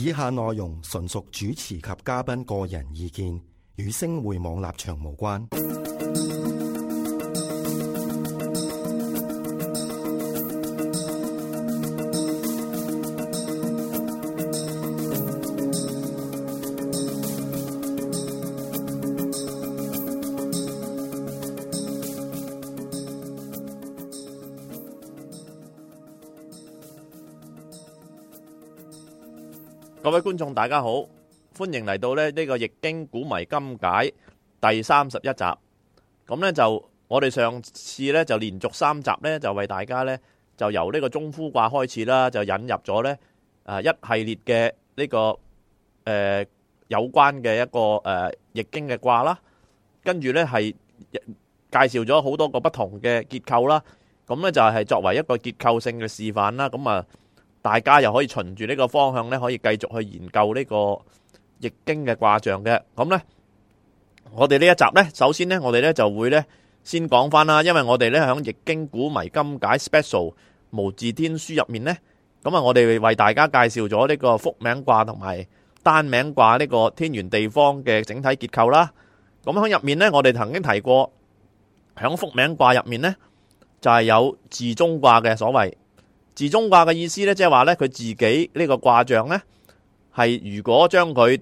以下內容純屬主持及嘉賓個人意見，與星匯網立場無關。各位觀眾大家好，歡迎嚟到咧、這、呢個易經古謎今解第三十一集。咁呢，就我哋上次呢，就連續三集呢，就為大家呢，就由呢個中孚卦開始啦，就引入咗呢一系列嘅呢、這個、呃、有關嘅一個誒、呃、易經嘅卦啦，跟住呢，係介紹咗好多個不同嘅結構啦。咁呢，就係作為一個結構性嘅示範啦。咁啊。大家又可以循住呢個方向咧，可以繼續去研究呢個易經嘅卦象嘅。咁咧，我哋呢一集咧，首先咧，我哋咧就會咧先講翻啦。因為我哋咧響易經古謎今解 special 無字天書入面咧，咁啊，我哋為大家介紹咗呢個複名卦同埋單名卦呢個天圓地方嘅整體結構啦。咁喺入面咧，我哋曾經提過響複名卦入面咧，就係有自綜卦嘅所謂。自綜卦嘅意思咧，即係話咧，佢自己呢個卦象咧，係如果將佢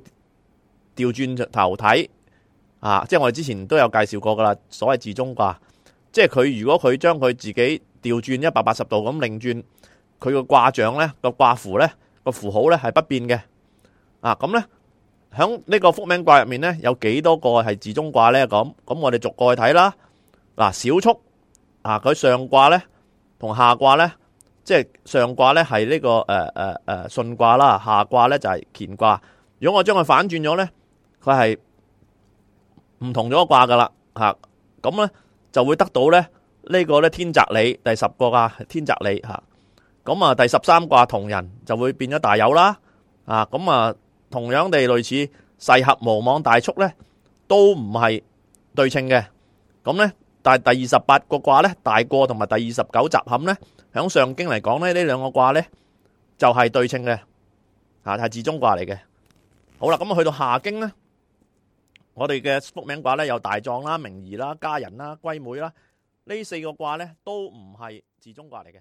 調轉頭睇啊，即係我哋之前都有介紹過噶啦，所謂自綜卦，即係佢如果佢將佢自己調轉一百八十度咁擰轉，佢個卦象咧、個卦符咧、個符號咧係不變嘅啊。咁咧，喺呢個複名卦入面咧，有幾多個係自綜卦咧？咁咁，我哋逐個去睇啦。嗱，小畜啊，佢上卦咧同下卦咧。即係上卦咧係呢個誒誒誒順卦啦，下卦咧就係乾卦。如果我將佢反轉咗咧，佢係唔同咗個卦噶啦吓。咁咧，就會得到咧呢個咧天澤履第十個卦天澤履吓。咁啊，第十三卦同人就會變咗大有啦。啊，咁啊，同樣地類似噬嗑無妄大畜咧都唔係對稱嘅。咁咧。但係第二十八個卦咧，大過同埋第二十九集坎咧，響上經嚟講咧，呢兩個卦咧就係、是、對稱嘅，吓係自綜卦嚟嘅。好啦，咁啊去到下經咧，我哋嘅複名卦咧有大壯啦、明夷啦、家人啦、歸妹啦，呢四個卦咧都唔係自綜卦嚟嘅。